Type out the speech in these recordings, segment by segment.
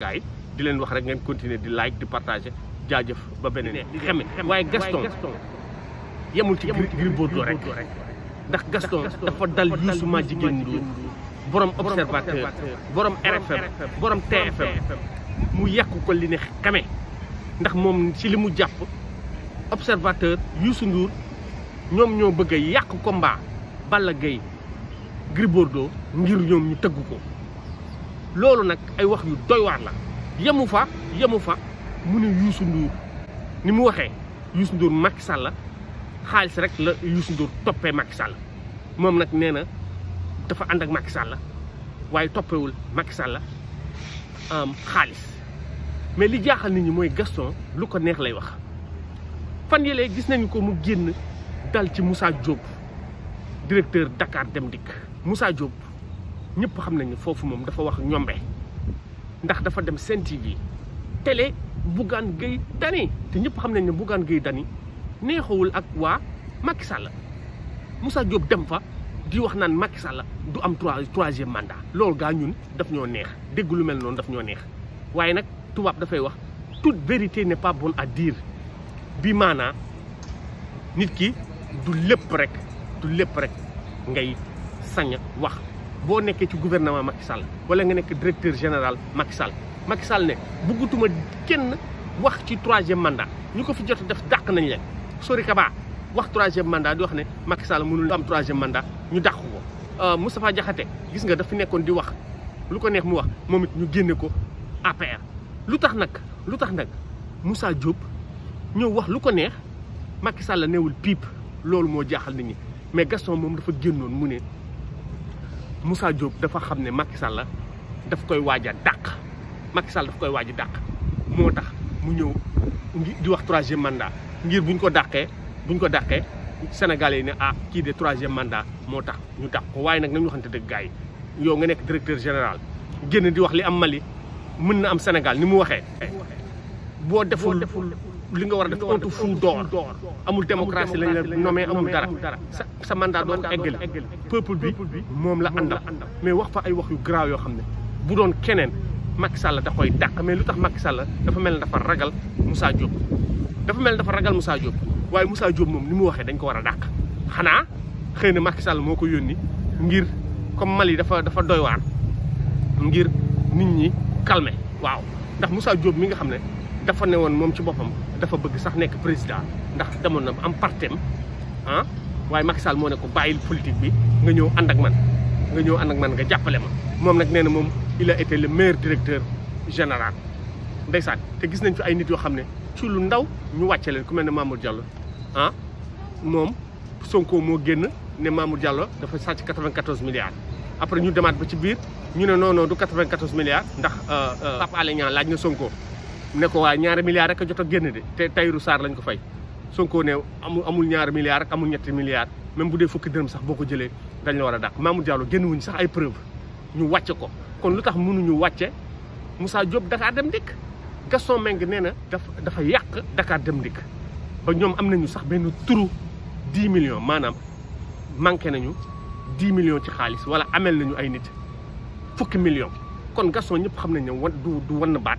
gars yi di leen wax rek ngeen continuer di like di partager jaajëf ba beneen xeme waaye Gaston yemul ci Gris Bordeaux rek ndax Gaston dafa dal Youssou ma jigéen Ndour borom observateur borom RFM borom TFM mu yàqu ko li ne xeme ndax moom ci li mu jàpp observateur Youssou Ndour ñoom ñoo bëgg a yàq combat Balla Gaye Gris Bordeaux ngir ñoom ñu tëgg ko loolu nag ay wax yu doy la yemu fa yemu fa mu ne Youssou Ndour ni mu waxee Youssou Ndour Macky Sall xaalis rek la Youssou Ndour toppee Macky Sall moom nag nee na dafa ànd ak Macky Sall waaye toppewul Macky Sall xaalis mais li jaaxal nit ñi mooy Gaston lu ko neex lay wax fan yëlee gis nañu ko mu génn dal ci Moussa Diop directeur Dakar Dem Dikk Moussa Diop ñëpp xam nañu foofu moom dafa wax ñombe ndax dafa dem Sen TV télé Bougane Gueye Dany te ñëpp xam nañ ne Bougane Gueye Dany neexawul ak waa Macky la Moussa jóg dem fa di wax naan Macky la du am trois troisième mandat. loolu gaa ñun daf ñoo neex dégg lu mel noonu daf ñoo neex waaye nag tubaab dafay wax toute vérité ne pas bonne à dire bi maanaa nit ki du lépp rek du lépp rek ngay sañ wax. boo nekkee ci gouvernement Macky Sall wala nga nekk directeur général Macky Sall Macky Sall ne bëggatuma kenn wax ci troisième mandat ñu ko fi jot def dàq nañ leen Sori Kaba wax troisième mandat di wax ne Macky Sall mënul am troisième mandat ñu dàq ko euh, Moustapha jaxate gis nga dafa nekkoon di wax lu ko neex mu wax moom it ñu génne ko APR lu tax nag lu tax nag Moussa Diop ñëw wax lu ko neex Macky Sall newul piip loolu moo jaaxal nit ñi mais Gaston moom dafa génnoon mu ne Moussa Diop dafa xamné Macky Sall daf koy waaj dak Macky Sall daf koy waaj dak motax mu ñew di wax 3e mandat ngir buñ ko daké buñ ko daké Sénégalais yi ne ah kii de e mandat motax ñu dak ko way nak nañu waxante dëgg gars yi yow nga nek directeur général génn di wax li am Mali mëna am Sénégal ni mu waxee. boo deful li nga war a def on te fout dehors amul démocratie lañ la nommé amul dara sa sa mandat doo ko eggali peuple bi moom la àndal mais wax fa ay wax yu graaw yoo xam ne bu doon keneen Macky Sall da koy dàq mais lu tax Macky Sall dafa mel ne dafa ragal Moussa jóob dafa mel ne dafa ragal Moussa Diop waaye Moussa jóob moom ni mu waxee dañ ko war a dàq xanaa xëy na Macky Sall moo ko yónni ngir comme Mali dafa dafa doy ngir nit ñi calmer waaw ndax musaa Diop mi nga xam ne dafa newon mom ci bopam dafa bëgg sax nek président ndax demon na am partem han ah, waaye Macky Sall mo ne ko bayil politique bi nga ñew and ak man nga ñew and ak man nga jappalé ma mom nak néna mom il a été le meilleur directeur général ndeysaan té gis nañ fi ay nit yo xamné ci lu ndaw ñu waccé leen ku melni Mamour Diallo han ah, mom Sonko mo génn né Mamour Diallo dafa sacc 94 milliards après ñu démat ba ci biir ñu né non non du 94 milliards ndax euh euh papa Niang laaj na Sonko ne ko waa ñaari milliards rek a jot a génn de te tayru Sarr lañ ko fay Sonko ne amul amul ñaari milliards rek amul ñetti milliards même bu dee fukki dërëm sax boo ko jëlee dañ la war a dàq Mamour Diallo génn wuñ sax ay preuve ñu wàcce ko kon lu tax mënuñu wàcce Moussa Diop Dakar dem dikk Gaston Meng nee na dafa dafa yàq Dakar dem dikk ba ñoom am nañu sax benn turu 10 millions maanaam manqué nañu 10 millions ci xaalis wala amel nañu ay nit fukki millions kon Gaston ñëpp xam nañ ne du du wan baat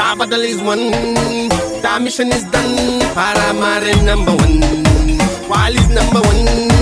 Star battle is won. The mission is done. Paramare number one. Wall is number one.